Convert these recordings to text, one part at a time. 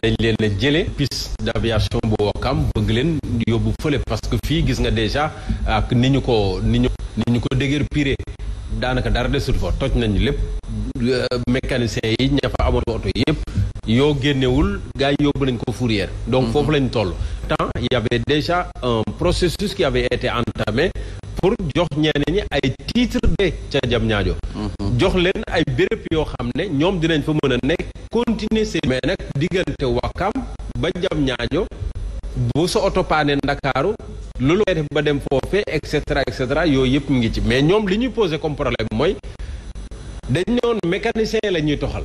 dañ leen a jële piste d' aviation bu Ouakam bëgg leen yóbbu fële parce que fii gis nga déjà ak ni ñu ko ni ñu ni ñu ko dégër piré daanaka dara desul fa toj nañu lépp euh, mécanicien yi ña fa amoon oto yëpp yoo génnewul gars yi yóbbu nañ ko fourrière donc mm-hmm. foofu lañ toll temps y avait déjà un processus qui avait été entamé pour jox ñeneen ñi ay titre de ca jam ñaajo mhm. jox leen ay béréb yoo xam ne ñoom dinañ fa mën a nekk continuer seen mais nag diggante wakam ba jam ñaajo bu sa oto paane ndakaaru loolu def ba dem foofee et cetera et yooyu yëpp ngi ci mais ñoom li ñuy posé comme problème mooy dañ ñoon mécanicien la ñuy toxal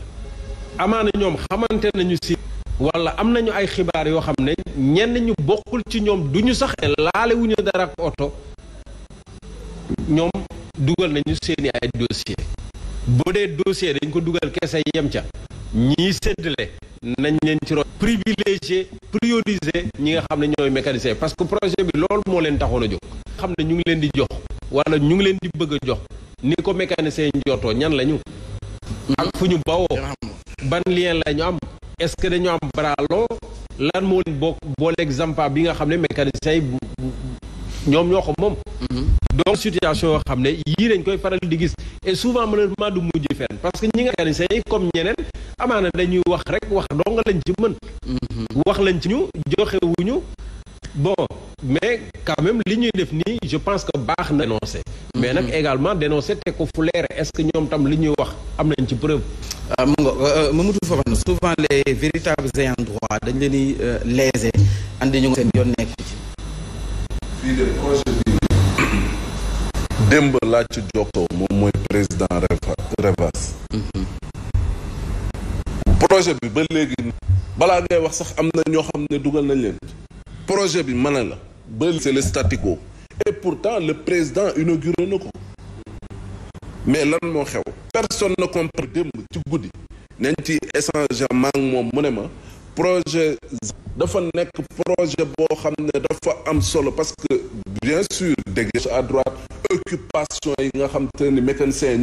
amaana ñoom xamante nañu si wala am nañu ay xibaar yoo xam ne ñenn ñu bokkul ci ñoom duñu sax laale wuñu dara ak oto ñoom dugal nañu seeni ay dossier boo dee dossier dañ ko dugal kese yem ca ñiy séddale nañ leen ci ro privilégié priorisé ñi nga xam ne ñooy mécanicien parce que projet bi loolu moo leen taxoon a jóg xam ne ñu ngi leen di jox wala ñu ngi leen di bëgg a jox ni ko mécanicien yi jortoo ñan lañu ak fu ñu bawoo ban lien la ñu am est-ce que dañu am bras long lan moo leen bokk booleeg Zampa bi nga xam ne mécanicien yi ñom ñoko mhm. situation koy et souvent malheureusement parce que ñi nga comme dañuy wax rek wax lañ ci mhm. bon mais quand même li je pense que baax dénoncer mais mhm. également dénoncer té ko est-ce que nous tam li ñuy wax am euh, euh, euh, souvent les véritables endroits, droit lii de projet bi démb laa ci jokkoo moom mooy président Revas mm-hmm. projet bi ba léegi balaa ngay wax sax am na ñoo xam ne dugal nañ leen projet bi mën a la ba c'est le statu quo et pourtant le président inauguré na ko mais lan moo xew personne ne comprend démb ci guddi nañ ci échange moom mu ne ma projet dafa projet dafa am parce que bien sûr dégage à droite occupation yi nga xam tane mécanicien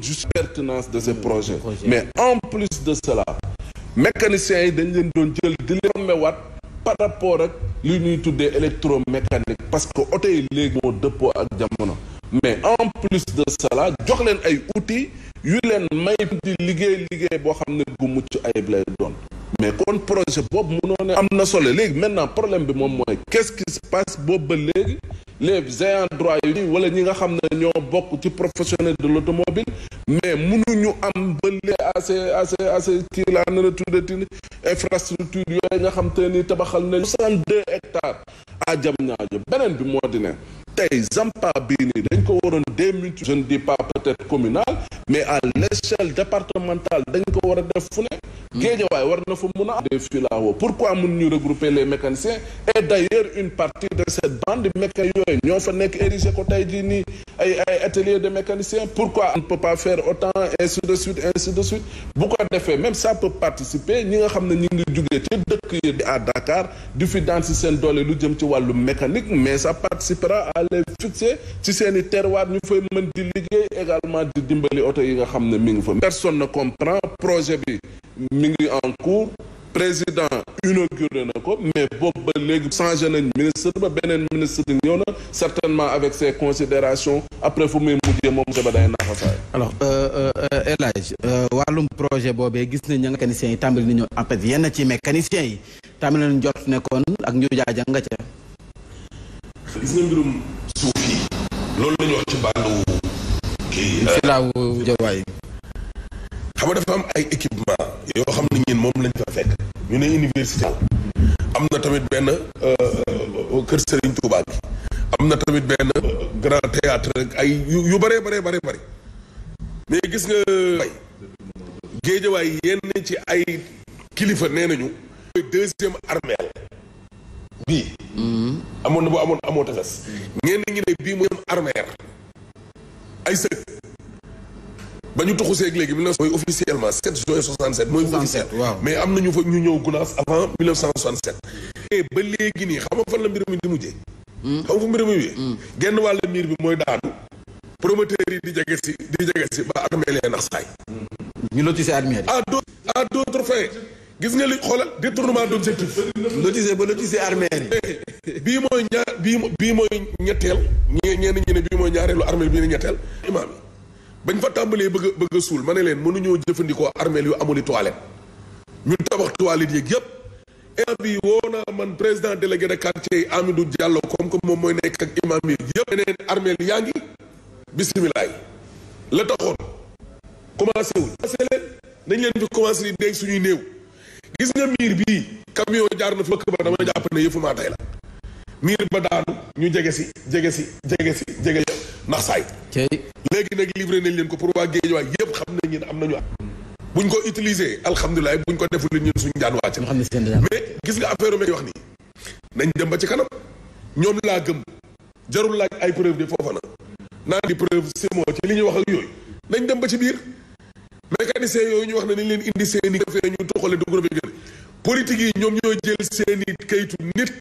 juste pertinence de ce mm-hmm. projets mais en plus de cela mécanicien yi dañ leen par rapport li ñuy tuddee électromécanique parce que oto yi léegi moo dëppoo ak jamono mais en plus de cela jox leen ay outils yu leen may di liggéey liggéey boo xam ne gu mucc ayib lay doon mais kon projet Bob mënoo ne am na solo léegi maintenant problème bi moom mooy qu'est-ce qui se passe Bob ba les ayants droit yi wala ñi nga xam ne ñoo bokk ci professionnel de l'automobile mais mënuñu am ba ces assez assez assez kii laa nar a tuddati infrastructure yooyu nga xam te ni tabaxal nañu 62 hectares à Diamniadio Benen bi moo Tay, Zampa bii nii dañ ko waroon démultiplier je ne dis pas peut-être communal mais à l'échelle départementale hmm. pourquoi nous regrouper les mécaniciens et d'ailleurs une partie de cette bande de mécaniciens, nous fa de mécaniciens pourquoi on ne peut pas faire autant ainsi de suite ainsi de suite même ça peut participer Nous nga xam ñi à Dakar du fi daan si nous lu mécanique mais ça participera à les fixer si c'est une terroir nous fay mën également di dimbali oto yi nga xam ne mi ngi fa personne ne comprend projet bi mi ngi en cours président inauguré na ko mais boobu ba léegi changé nañ ministre ba beneen ministre di ñëw na certainement avec ses considérations après fu muy mujjee moom seba day naaxasaay alors euh, euh, elage Hadj euh, wàllum projet boobee gis nañ ña nga mécaniciens yi tàmbali nañu en yenn ci mécaniciens yi tàmbali nañ jot nekkoon ak ñu jaaja nga ca gis nga mbirum suuf yi loolu lañu wax ci bandu kii. filaawu euh, Jawaay. xam nga dafa am ay équipement yoo xam ne ñun moom lañ fa fekk ñu ne université am na tamit benn euh, kër Serigne Touba gi am na tamit benn euh, grand théâtre ay yu bëree bëree bëri bëri mais gis nga bay géejawaay yenn ci ay kilifa nee nañu mooy deuxième armeel bii mm-hmm. amoon na bu amoon amoo tefes mm-hmm. ñenn ñi ne bii mooy armeer ay sëg ba ñu tuxusee léegi mille neuf mooy officiellement 7 juin 67 mooy officiel mais am nañu fa ñu ñëw Gunaas avant 1967 et ba léegi nii xam nga fan la mbir mi di mujjee hmm. xam nga fa mbir mi hmm. genn wàll miir bi mooy daanu promoteur yi di jege si di jege si ba armée lee nax saay hmm. ñu lotissé armée à d'autres gis nga li xoolal détournement d'objectif. lotissé ba lotissé armeel yi. bii mooy ñaar bii bii mooy ñetteel ñii ñenn ñi ne bii mooy ñaareelu armeel bii ne ñetteel imaam yi bañ fa tàmbalee bëgg bëgg a suul ma ne leen mënuñoo jëfandikoo armeel yu amul toilette ñu tabax toilette yeeg yëpp. imaam bi woo man président délégué de quartier yi Amidou Diallo comme que moom mooy nekk ak imaam yi yëpp. beneen armeel yaa ngi bisimilah la taxoon commencé wul. commencé leen nañ leen fi commencé di dégg suñuy néew. gis nga miir bi camion jaar na fi ma dama japp ne yefuma tay la miir ba daanu ñu jégé jege si jege si jege si jege say tay légui nak livré nañ leen ko pour wa géej wa yépp xam nañ ne am nañu buñ ko utiliser alhamdulilah buñ ko deful ñun suñu jaan wàcc mais gis nga affaire may wax ni nañ dem ba ci kanam ñom la gëm jarul laaj ay preuve de fofana nan di preuve c'est moi ci li ñu wax ak yoy nañ dem ba ci bir mécanicien yooyu ñu wax ne nañ leen indi seen i ñu toxale dugg na fi politique yi ñoom ñoo jël seen i kayitu nit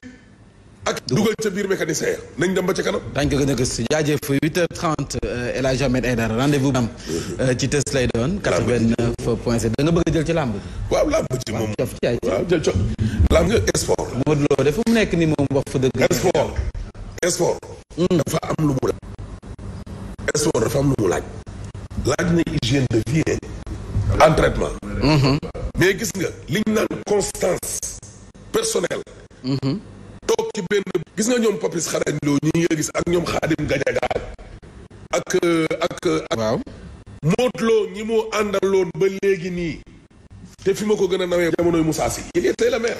ak dugal ca biir mécanicien ya nañ dem ba ca kanam dañ ko gën a gës jaajëf 8h30 euh, El Hadj Ahmed Aïdara rendez-vous am euh, ci tës lay doon 89 point 7 da nga bëgg a jël ci làmb waaw làmb ci moom cof ci ay mu nekk ni moom wax fa dëgg sport sport mm. dafa am lu mu laaj sport dafa am lu mu laaj laaj na hygiène de vie en traitement. mais gis nga liñ une constance personnelle. toog ci benn gis nga ñoom Papis Xarañ Lo ñi nga gis ak ñoom Xaadim Gajaga ak ak ak. waaw mootloo ñi mo andalon ba léegi ni te fi mako gëna nawé a Moussa Sy il était la mère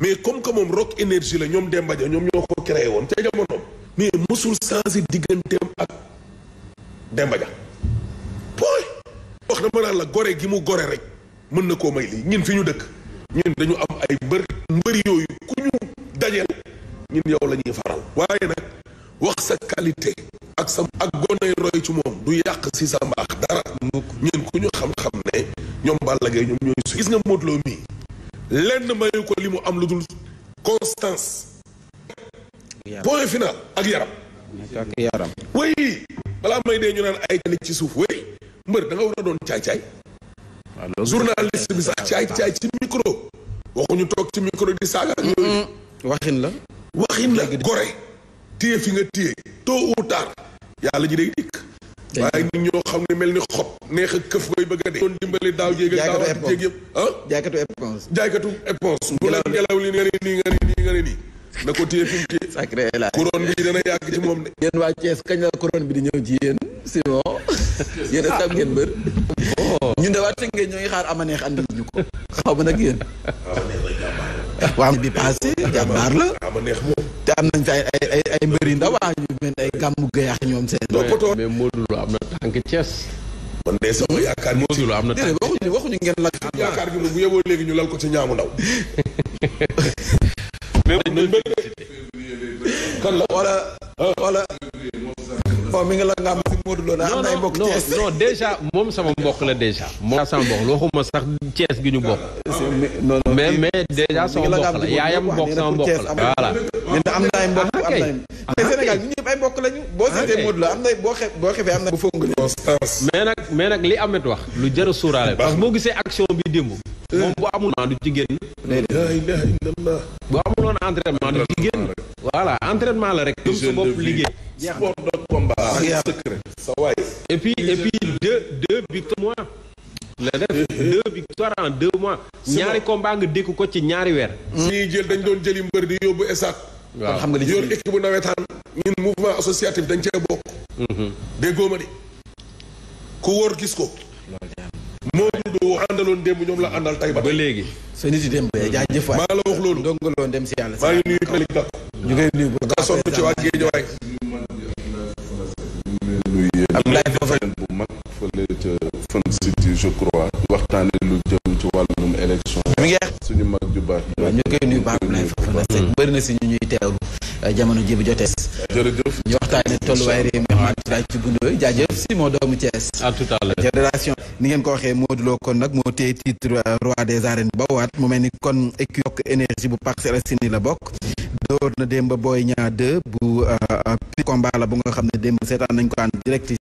mais comme que mom rock énergie la ñom Demba Dia ñoom ñoo ko créé won ca jamono mais musul changé digganteem ak Demba Dia wax dama naan la gore gi mu gore rek mën na koo may lii ñun fi ñu dëkk ñun dañu am ay mbër mbër yooyu ku ñu dajeel ñun yow la ñuy faral waaye nag wax sa qualité ak sa ak gonay roy ci moom du yàq si sa mbaax dara ñun ku ñu xam-xam ne ñoom Balla Gaye ñoom ñooy su gis nga Modou Lo mii lenn mayu ko li mu am lu dul constance point final ak yaram ak yaram way balaa may dee ñu naan ay nit ci suuf way mbër da nga war a doon caay-caay journaliste bi sax caay-caay ci micro waxuñu toog ci micro di saaga ak yooyu waxin la waxin la gore téye fi nga téye tôt ou tard yàlla ji day dikk waaye nit ñoo xam ne mel ni xob neex ak këf koy bëgg a dee doon dimbali daaw jéeg ak daaw ak jéeg yëpp ah jaaykatu éponge jaaykatu éponge bu la ngelaw li nga ne nii nga ne nii nga ne na ko téye fi mu téye couronne bi moom de yéen waa Thiès kañ la couronne bi di ñëw ci yéen sinon yéen a xam ngeen mbër. Oh. ñun de waa Tëngéej ñoo ngi xaar a neex andi ñu ko xaw ma nag yéen. waaw bi passé jàmbaar la. te am nañ fi ay ay ay mbër yu ndaw ñu mel ay gàmmu gayax ñoom seen. mais Modou Lo am na tànk Thiès. man de sama yaakaar gi Modou Lo am na tànk waxuñu waxuñu ngeen lak yaakaar gi moom bu yeboo léegi ñu lal ko ci ñaamu ndaw. mais kan waaw oh, mi ngi la nga am si Lo naa am ay mbokk Thiès sama mbokk la déjà. moom sama mbokk la waxuma sax Thiès gi ñu bokk. mais mais déjà sama mbokk la yaayam ah, mbokk sama mbokk la voilà. mais am na na ay ah, mais Sénégal ñu boo ah, na boo xe boo xefee am na bu fonk mais nag mais nag li Ameth wax lu jar a suuraale parce que boo gisee action bi démb. moom bu amul du ci génn. la ilaha illallah. bu amul woon entraînement du ci génn. voilà entraînement la rek. gëm sa bopp liggéey. sport de combat. secret sa waay. et puis et puis deux deux victoires mois. la def eh, eh. deux victoires en deux mois. ñaari combat nga dékku ko ci ñaari weer. ñuy jël dañ doon jëli mbër di yóbbu esaat. waaw xam nga li yor équipe bu nawetaan. ñun mouvement associatif dañ cee bokk. Mhm. déggoo ma de ku wóor gis ko. moo Modou Lo àndaloon démb ñoom la àndal tay ba ba léegi. sa nit yi dem ba jaajëf waay maa la wax loolu dongaloon dem si yàlla maa ngi nuyu Malick Gakou ñu koy nuyu bu nga sonn ci waa Guédiawaye am lay fa bu mag fële ca Fan City je crois waxtaane lu jëm ci wàllum élection suñu mag ju baax ñu koy nuyu baax lay fa bëri na si ñu ñuy teewlu eh, jamono ji bu jotee jërëjëf ñu waxtaane tolluwaay réew mi Ahmed Touré ci Goundoy jaajëf si moo doomu Thiès à ni ngeen ko waxee Modou Lo kon nag moo téye titre euh, roi des arènes ba waat mu mel ni kon Equivox énergie bu Parcelles Assainies la bokk door na démb Boy Niang 2 bu euh, combat la bu nga xam ne démb seetaan nañ ko en direct